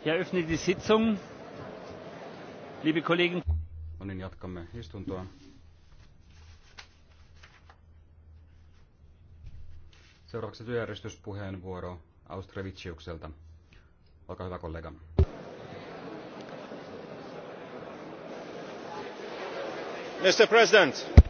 Ich eröffne die Sitzung. Liebe Kollegen. No niin, jatkamme istuntoa. Seuraavaksi työjärjestyspuheenvuoro Austrevitsiukselta. Olkaa hyvä kollega. mr president